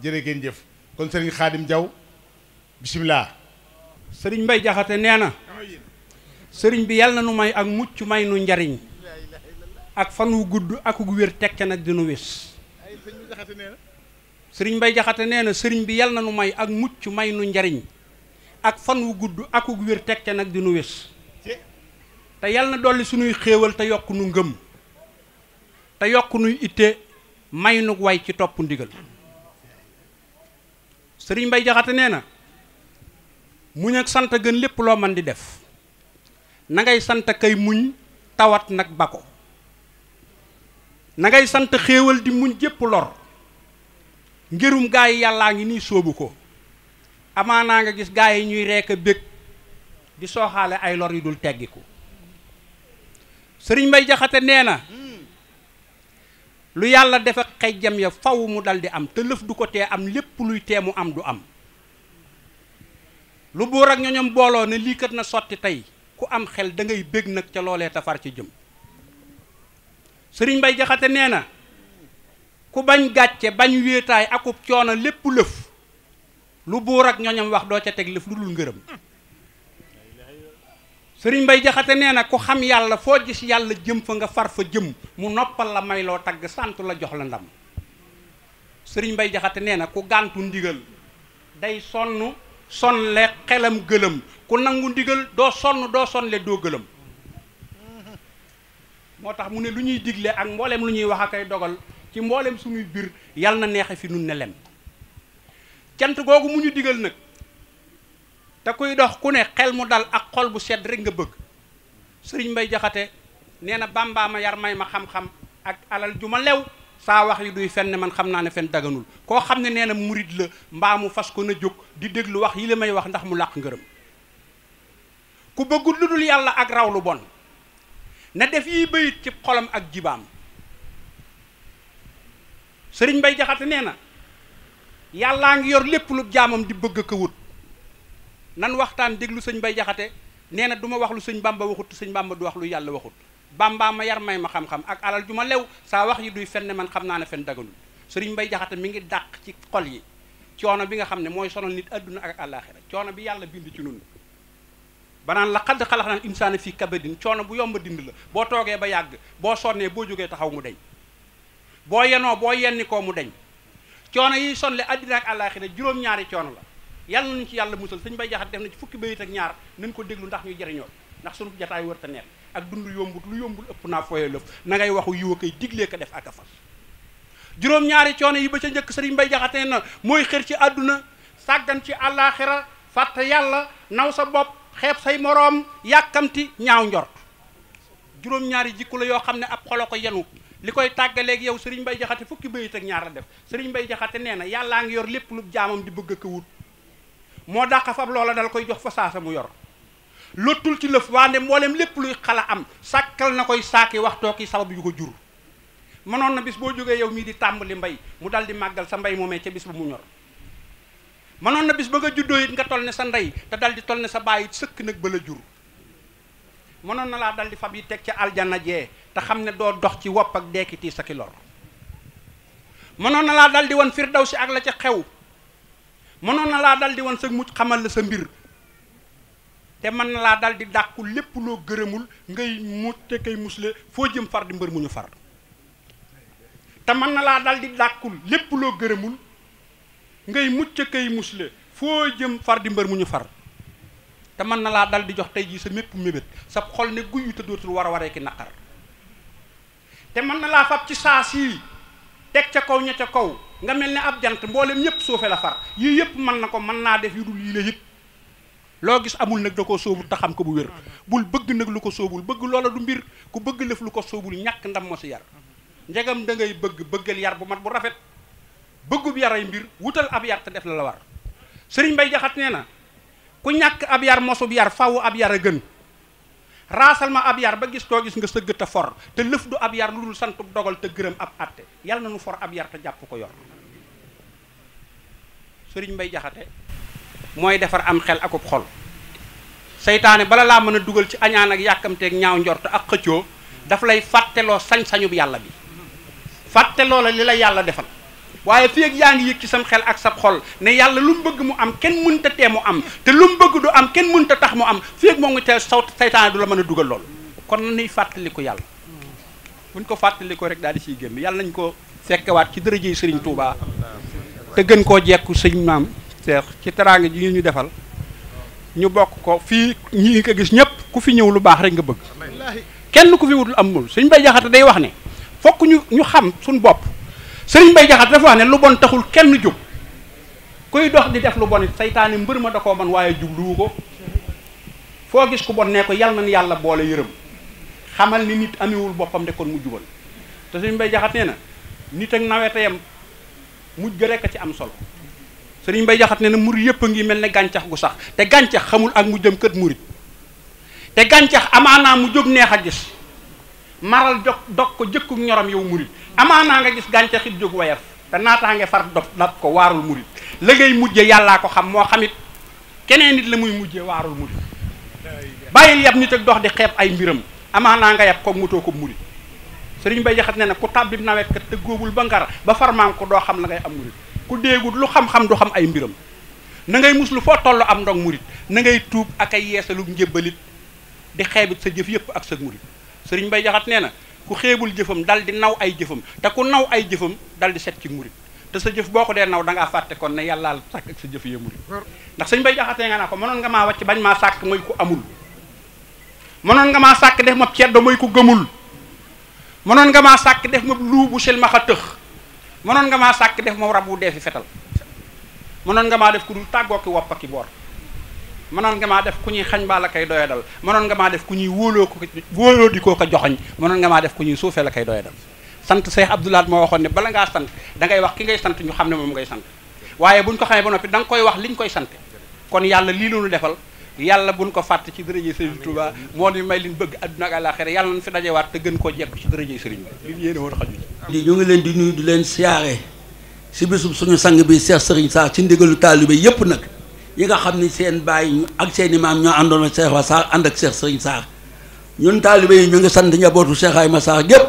Speaker 6: jërë ngeen jëf kon sëriñ Xaadim Jaw bisimilah. sëriñ Mbay Jaxate nee sëriñ
Speaker 7: bi yàlla na nu may ak mucc may nu njariñ ak fan wu gudd ak gu wér tekke nag dinu wis sëriñ Mbay Jaxate nee na sëriñ bi yàlla na nu may ak mucc may nu njariñ ak fan wu gudd akuk wér teg ca nag di nu wis te yàlla na dolli suñuy xéewal te yokk nu ngëm te yokk nuy itte may nu way ci topp ndigal sëriñ Mbay Jaxate nee na muñ ak sant gën lépp loo man di def nangay ngay sant kay muñ tawat nag ba ko na ngay sant xéewal di muñ jépp lor ngirum gaay yàllaa ngi nii sóobu ko amaanaa nga gis gaa yi ñuy reeka bég di sooxaale ay lor yu dul teggiku sëriñ Mbay Jaxate nee na lu yàlla defa xejjam ya faw mu daldi am te lëf du ko tee am lépp luy tee mu am du am lu buur ak ñoñom booloo ne liikat na sotti tey ku am xel dangay ngay bég nag ca loolee tafar ca jëm sëriñ bay Jaxate nee na ku bañ gàcce bañ wéetaay akub coono lépp lëf lu buur ak ñoñam wax doo ca teg lëf lu dul ngërëm sëriñ bay Jaxate nee na ku xam yàlla foo gis yàlla jëm fa nga far fa jëm mu noppal la may loo tagg sant la jox la ndam sëriñ bay Jaxate nee na ku gàntu ndigal day sonn sonle xelam gëlëm ku nangu ndigal doo sonn doo sonle doo gëlëm moo tax mu ne lu ñuy digle ak mboolem lu ñuy wax akay dogal ci mboolem suñuy biir yàlla na neexe fi nun ne lem cant googu mu ñu digal nag te kuy dox ku ne xel mu dal ak xol bu sedd rek nga bëgg sëriñ Mbay Jaxate nee na Bàmbaa ma yar may ma xam-xam ak alal ju ma lew saa wax yi duy fenn man xam naa ne fenn daganul koo xam ne nee na murit la mbaa mu fas ko na jóg di déglu wax yi la may wax ndax mu làq ngërëm ku bëggul lu dul yàlla ak raw lu bon na def yi bayit ci xolam ak jibaam sëriñ bay Jaxate nee na yàllaa ngi yor lépp lu jaamam di bëgg ko wut nan waxtaan déglu sëñ bay jaxate nee na duma ma wax lu sëñ bamba waxut sëñ bamba du wax lu yàlla waxut bamba ma yar may ma xam-xam ak alal ju ma lew saa wax yi duy ne man xam naa ne fenn daganul sëriñ bay jaxate mi ngi dàq ci xol yi coono bi nga xam ne mooy sonal nit àdduna ak àllaaxira coono bi yàlla bind ci nun banaan la xadd xalax naan insaana fii kabadin coono bu yomba dind la boo toogee ba yàgg boo sonnee boo jógee taxaw mu deñ boo yenoo boo yenni koo mu deñ coono yi sonle àddina ak àllaaxira juróom-ñaari coono la yàlla ñu ci yàlla musal sëñ bay jaxat def na ci fukki bayit ak ñaar nañ ko déglu ndax ñu jariñoo ndax sunu jataay wër ta neex ak dund yombut lu yombul ëpp naa fooye lëf na ngay waxu yiw a koy diglee ko def ak a fas juróom-ñaari coono yi ba ca njëkk sëriñ bay jaxate na mooy xër ci àdduna sàggan ci àllaaxira fàtte yàlla naw sa bopp xeeb say moroom yàkkamti ñaaw njor juróom-ñaari jikku la yoo xam ne ab xolo ko yenu li koy tàggaleeg yow sëriñ bay Jaxate fukki bayit ak ñaar la def sëriñ Mbay Jaxate nee na yàllaa ngi yor lépp lu jaamam di bëgg a ko moo dàq fab loola dal koy jox fa saasa mu yor lottul ci lëf waande mboolem lépp luy xala am sàkkal na koy saaki waxtoo ki sabab yu ko jur mënoon na bis boo jógee yow mii di tàmbali mbay mu dal màggal sa mbay moomee ca bis ba mu ñor mënoon na bis ba a juddoo it nga tol ne sa ndey te dal di tol ne sa baay sëkk nag ba jur mënoon na laa dal di fab yi teg ca aljana jee te xam ne doo dox ci wopp ak deeki tii sa ki lor mënoon na laa daldi di wan firdaw si ak la ca xew mënoon na laa daldi di wan sa mucc xamal la sa mbir te mën na laa dal di dàqu lépp loo gërëmul ngay mucc te foo jëm far di mu ñu far te mën na laa dal di dàqul lépp loo gërëmul ngay mucc kay musle foo jëm far di mbër mu ñu far te mën na laa dal di jox tey jii sa mépp mébét sab xol ne guyu te dootul war a waree naqar te mën na laa fab ci saa sii teg ca kaw ña ca kaw nga mel ni ab jant mboolem ñëpp suufe la far yii yëpp mën na ko mën naa def yu dul yii la yëpp loo gis amul nag da ko soobu te xam ko bu wér bul bëgg nag lu ko soobul bëgg loola du mbir ku bëgg lëf lu ko soobul ñàkk ndam moo si yar njegam da ngay bëgg bëggal yar bu mat bu rafet bëggub yaray mbir wutal ab yar def la la war Mbay Jaxate nee na ku ñàkk ab yar mosub yar fawu ab yar a gën raasal ma ab yar ba gis koo gis nga sëgg te for te lëf du ab yar lu dul sant dogal te gërëm ab atte yàlla na nu for ab yar te jàpp ko yor sëriñ Mbay Jaxate mooy defar am xel akub xol seytaane bala laa mën a dugal ci añaan ak yàkkamteeg ñaaw njort ak xëccoo daf lay fàtteloo sañ-sañub yàlla bi loo la li la yàlla defal waaye fii ak yaa ngi yëg ci sam xel ak sa xol ne yàlla lu mu bëgg mu am kenn mënta tee mu am te lu mu bëgg du am kenn mënta tax mu am fii ak moo ngi te saw saytaane du la mën a dugal lool kon nañuy fàttaliku yàlla buñ ko fàttalikoo rek daal di siy génn yàlla nañ ko fekkewaat ci dërëjey sëriñ Touba te gën koo jekku sëñ maam seex ci teraanga ji ñu defal ñu bokk ko fii ñi ko gis ñëpp ku fi ñëw lu baax rek nga bëgg kenn ku fi am amul suñ bay jaxate day wax ne fokk ñu ñu xam suñ bopp sëriñ Bay Jaxate dafa wax ne lu bon taxul kenn jóg kuy dox di def lu bon it saytaane mbër ma da koo man waaye jub jubluwu ko foo gis ku bon ne ko yal na ni yàlla boole yërëm xamal ni nit amewul boppam de kon mu jubal te sëriñ Bay Jaxate nee na nit ak naweteyam mujj ga a ci am solo sëriñ Bay Jaxate na mur yëpp a ngi mel ne gàncax gu sax te gàncax xamul ak mu jëm kët murit te gàncax amaanaa mu jóg neex a gis maral jog dog ko jëkku ñoram yow muri naa nga gis gàncax it jóg wayaf te naataange far dof dab ko waarul murit la ngay mujje yàllaa ko xam moo xamit keneen nit la muy mujje waarul murit bàyyil yab nit ak dox di xeeb ay mbiram amaanaa nga yab ko mutoo ko murit sëriñ bay jaxat ne na ku tàbbi nawet kat te góobul ba ngar ba farmaam ko doo xam la ngay am murit ku déegul lu xam-xam du xam ay mbiram na ngay muslu foo toll am ndog murit na ngay tuub ak ay yeesalu njëbbalit di xeebit sa jëf yëpp ak sa murit sëriñ bay nee na ku xeebul jëfam dal di naw ay jëfam te ku naw ay jëfam dal di set ci murit te sa jëf boo ko dee naw dangaa ngaa fàtte kon ne yàllaa la sàkk ak sa jëf yee murit ndax sëñ bay jaxatee nga naa ko mënoon nga maa wàcc bañ maa sàkk mooy ku amul mënoon nga maa sàkk def ma ceddo mooy ku gëmul mënoon nga maa sàkk def ma luu bu sel ma xa tëx mënoon nga maa sàkk def ma rab wu dee fi fetal mënoon nga maa def ku dul tàggoo ki wopp ki boor mënoon nga maa def ku ñuy xañ baa la koy doya dal mënoon nga maa def ku ñuy wóoloo ko wóoloo di koo ko joxoñ mënoon nga maa def ku ñuy suufee la koy doya dal sant Cheikh Abdoulaat moo waxoon ne bala ngaa sant da wax ki ngay sant ñu xam ne moom ngay sant waaye buñ ko xamee ba noppi da koy wax liñ koy sant kon yàlla lii loolu defal yàlla buñ ko fàtte ci dërëjey Serigne Touba moo ñu may liñ bëgg àdduna ak àllaaxira yàlla nañ fi dajewaat te gën ko jekk ci dërëjey Serigne bi li yéene woon xaju
Speaker 2: di ñu ngi leen di nuyu di leen siyaare si bisub suñu sang bi Cheikh Serigne Sarr ci ndigalu taalibe yépp nag yi nga xam ni seen bàyyi ak seen imaam ñoo àndoon ak Cheikh wa Sarr ànd ak Cheikh Sëriñ Sarr ñun taalibe yi ñu ngi sant njabootu Cheikh Ayma Sarr gépp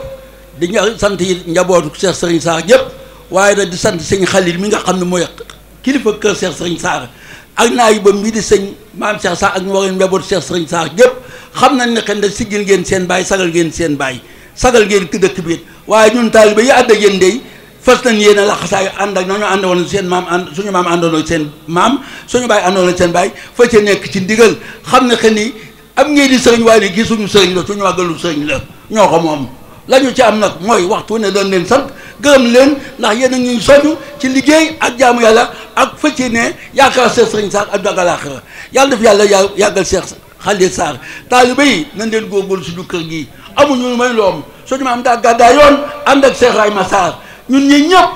Speaker 2: di nga sant yi njabootu Cheikh Sëriñ Sarr gépp waaye nag di sant sëñ xalit mi nga xam ne mooy kilifa kër Cheikh Sëriñ Sarr ak naa yi ba mii di sëñ maam Cheikh ak ñu war a njabootu Cheikh Sëriñ gépp xam nañ ne xen da siggil ngeen seen bàyyi sagal ngeen seen bàyyi sagal ngeen dëkk bi waaye ñun taalibe yi àdd ak yéen dey fas nañ yéene laxasaayu ànd ak ñooñu ànd woon seen maam ànd suñu maam àndoonoo seen maam suñu baay àndoonoo seen baay fa ca nekk ci ndigal xam ne que ni am ngeen di sëriñ waaye ne gi suñu sëriñ la suñu wàggalu sëriñ la ñoo ko moom la ñu ci am nag mooy waxtu ne doon leen sant gërëm leen ndax yéen a ñuy soñu ci liggéey ak jaamu yàlla ak fëcci ne yaakaar seex sëriñ Saar ak dogal àllaaxira yàlla daf yàlla yàggal seex Xaalid Saar taaliba yi nañ leen góorgóorlu suñu kër gi amuñu may loom suñu ma daa gàddaa yoon ànd ak seex ñun ñi ñëpp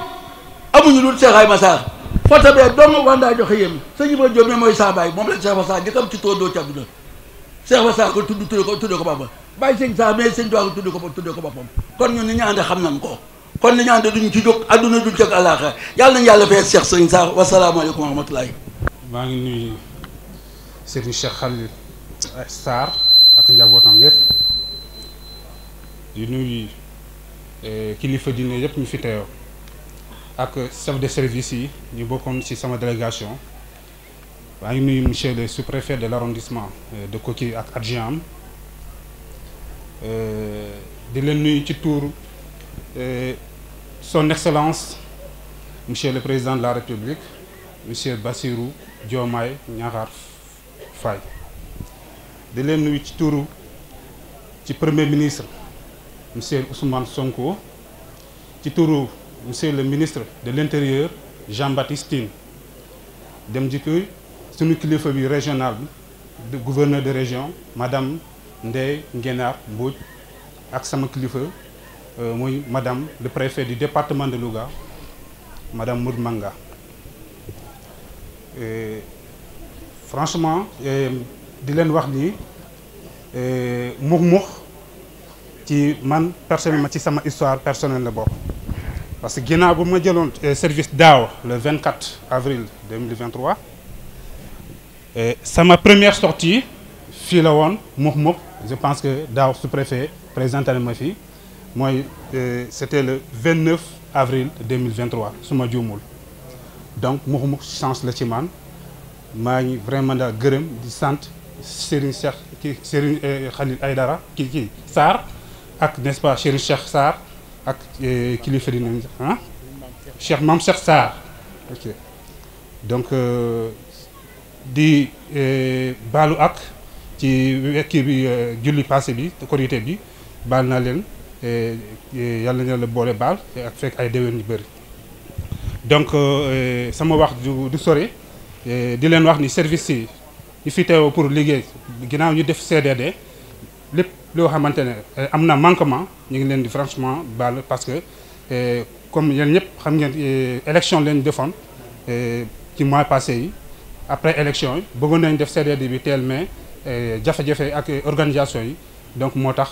Speaker 2: amuñu lu Cheikh Ayma Sarr foto bee dong wandaa joxe yéen sëñ Ibrahima Diop mi mooy saa baay moom la Cheikh Fa Sarr njëkk am ci tóor doo ci àdduna Cheikh Fa Sarr ko tudd tudd ko tudd ko boppam bàyyi sëñ Sarr mais sëñ Tuubaa ko tudd ko tudd ko boppam kon ñun ni ñu ànd xam nañ ko kon ni ñu ànd duñ ci jóg àdduna duñ ci jóg àllaaxira yàlla nañu yàlla fee Cheikh sëñ Sarr wasalaamaaleykum wa rahmatulahi
Speaker 9: maa ngi nuyu sëriñ Cheikh Khalil Sarr ak njabootam yëpp di nuyu Euh, kilifa diine yëpp ñu fi teew ak chef de service yi ñu bokkoon ci sama délégation maa ngi nuyu monsieur le sous-préfet de l'arrondissement euh, de Koki ak adjoint am euh, di leen nuyu ci tour son excellence monsieur le président de la république monsieur Bassirou Diomaye Diakhar Faye di leen nuyu ci turu ci premier ministre monsieur Ousmane Sonko ci turu monsieur le ministre de l'intérieur Jean-Baptiste Tine dem jikki suñu kilifa bi régional bi gouverneur de région madame Ndeye Nguénar Mbodj ak sama kilifa euh, muy madame le préfet du département de luga madame Mour Manga franchement euh, di leen wax ni mux euh, mux ci man ma ci sama histoire personnelle la bokk parce que ginnaaw bu ma jëloon euh, service daaw le 24 avril 2023 euh, sama première sortie fii la woon Mokh Mokh je pense que daaw su préfet présenté na ma fii mooy euh, c'était le 29 avril 2023 su ma juumul donc Mokh Mokh chance la ci man maa ngi vraiment daal gërëm di sant Serigne Cheikh kii Serigne Khalil Aydara kii kii Sarr ak n'est-ce pas Serigne Cheikh Sarr ak euh, kilifa dina ah Cheikh Mame Cheikh Sarr ok donc euh, di euh, baalu ak ci wekki bi julli passé bi korité bi baal naa leen yàlla na la boole baal ak fekk ay déwén yu bëri donc sama wax du du sore di leen wax ni service yi ñu fi teew pour liggéey ginnaaw ñu def CDD lépp loo xamante ne euh, am na manquement ñu ngi leen di franchement bal parce que euh, comme yéen ñëpp xam ngeen euh, élection leen defoon ci mois passé yi après élection yi bëggoon nañ def CRD bi teel mais jafe-jafe ak organisation yi donc moo tax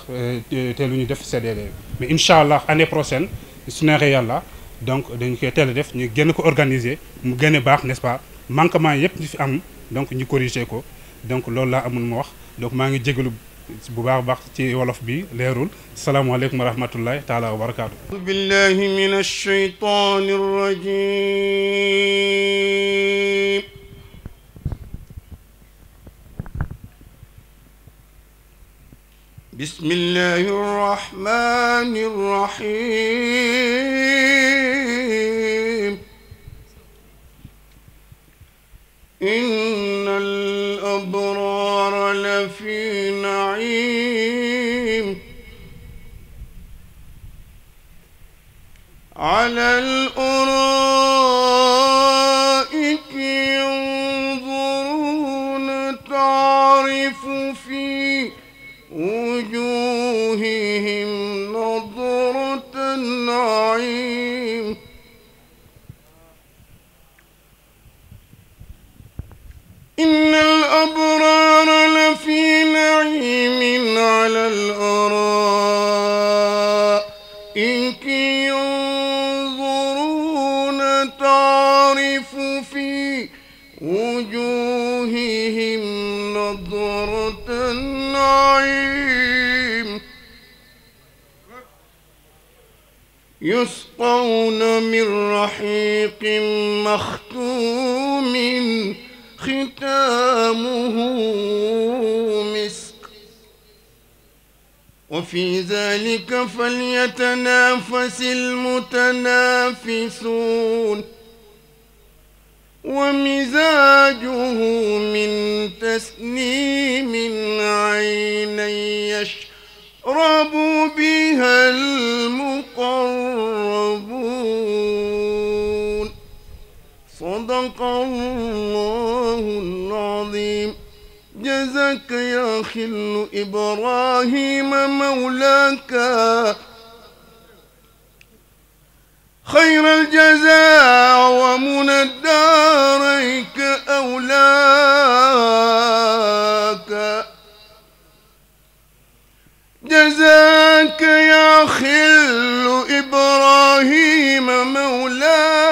Speaker 9: teelu ñu def CRD mais incha allah année prochaine su neexee yàlla donc dañu koy teel def ñu génn ko organiser mu gën a baax n'est-ce pas manquement yëpp ñu fi am donc ñu corriger ko donc loolu laa amul ma wax donc maa ngi jégalu. bu baax baax ci wolof bi leerul salaamaaleykum wa rahmatullahi taala wa barakaatu. a'uuzu
Speaker 8: billahi mina shaytaani rajiim. bismillahi rahmaani rahiim. الأبرار لفي نعيم على الأرائك ينظرون تعرف في وجوههم نظرة النعيم إِنَّ الأبرار لفي نعيم على الأرائك ينظرون تعرف في وجوههم نظرة النعيم يسقون من رحيق مختوم ختامه مسك وفي ذلك فليتنافس المتنافسون ومزاجه من تسنيم عينا يشرب بها المقربون sadaqallaahul aziim jazaaka yaa xillu Ibrahima mawlaaka xayral jazaa wa muna daarayka awlaaka jazaaka yaa xillu Ibrahima mawlaaka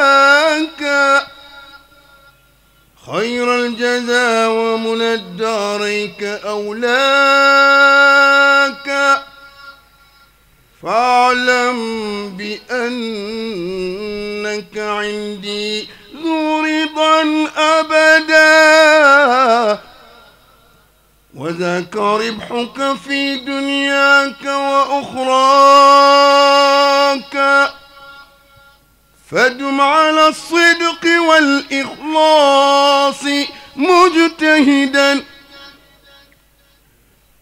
Speaker 8: خير الجزا ومنى الداريك أولاك فاعلم بأنك عندي ذو رضا أبدا وذاك ربحك في دنياك وأخراك فادم على الصدق والإخلاص مجتهدا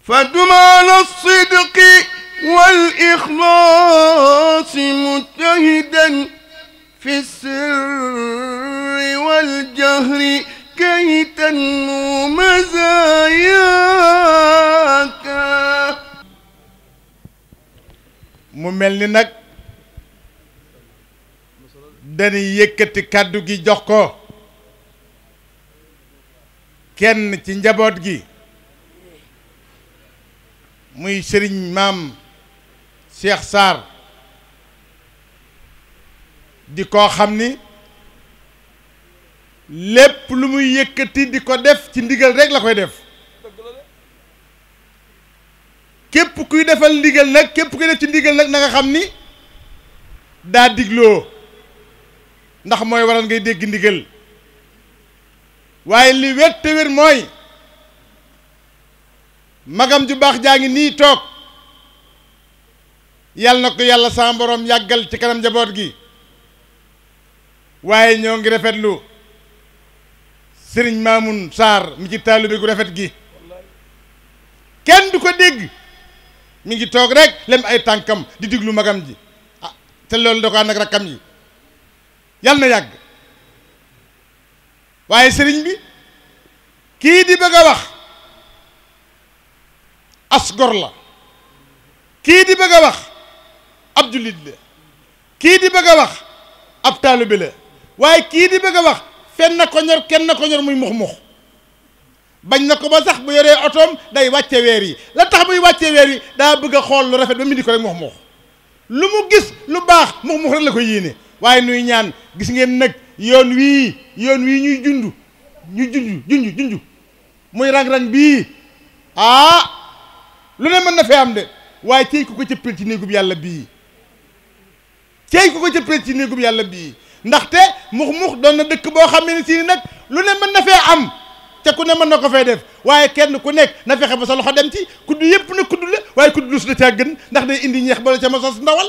Speaker 8: فادم على الصدق والإخلاص مجتهدا في السر والجهر كي
Speaker 6: تنمو مزاياك mu mel ni nag dañuy yëkkati kàddu gi jox ko kenn ci njaboot gi muy sëriñ maam Cheikh Sarr di koo xam ni lépp lu muy yëkkati di ko def ci ndigal rek la koy def képp kuy defal ndigal nag képp kuy def ci ndigal nag na nga xam ni daa digloo ndax mooy waral ngay dégg ndigal waaye li wér te wér mooy magam ju baax jaa ngi nii toog yàlla na ko yàlla sama borom yàggal ci kanam njaboot gi waaye ñoo ngi rafetlu sëriñ Mamoun saar mi ci taalibe gu rafet gi kenn du ko dégg mu ngi toog rek lem ay tànkam di diglu magam ji ah te loolu da ko ak rakkam yi yàlla na yàgg waaye sëriñ bi kii di bëgg a wax as gor la kii di bëgg a wax ab jullit la kii di bëgg a wax ab bi la waaye kii di bëgg a wax fenn ko ñor kenn ko ñor muy mux-mux bañ na ko ba sax bu yoree otoom day wàcce weer yi la tax muy wàcce weer yi daa bëgg a xool lu rafet ba mu indi ko rek mux-mux lu mu gis lu baax mux-mux rek la ko yéene waaye nuy ñaan gis ngeen nag yoon wii yoon wii ñuy jundu ñu junju junju junju muy rang-rang bii ah lu ne mën na fee am de waaye cey ku ko cëppil ci néegub yàlla bii cey ku ko cëppil ci néegub yàlla bii ndaxte mux-mux doon na dëkk boo xam ne si nag lu ne mën na fee am te ku ne mën na ko fee def waaye kenn ku nekk na fexe ba sa loxo dem ci kudd yëpp na kudd la waaye kudd lu su da caa gën ndax day indi ñeex bala ca ma sos ndawal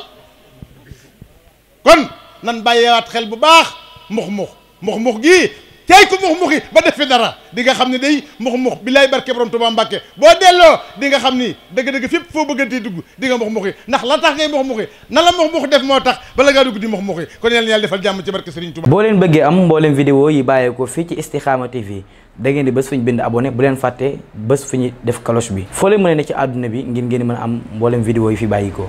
Speaker 6: kon nan bàyyeewaat xel bu baax mux-mux mux-mux gi tey ku mux-muxi ba def fi dara di nga xam ne day mux-mux billaay barke borom Tuubaa Mbàkke boo delloo di nga xam ni dëgg-dëgg fépp foo bëggantee dugg di nga mux-muxi ndax la tax ngay mux-muxi na mux-mux def moo tax bala ngaa dugg di mux-muxi kon yàlla na yàlla defal jàmm ci barke Sëriñ Tuubaa
Speaker 1: boo leen bëggee am mboolem vidéo yi bàyyeekoo fii ci Istikhama TV da ngeen di bés fu ñu bind abonné bu leen fàttee fu ñu def cloche foo leen mën ne ci àdduna bi ngir am mboolem vidéo yi fi bàyyikoo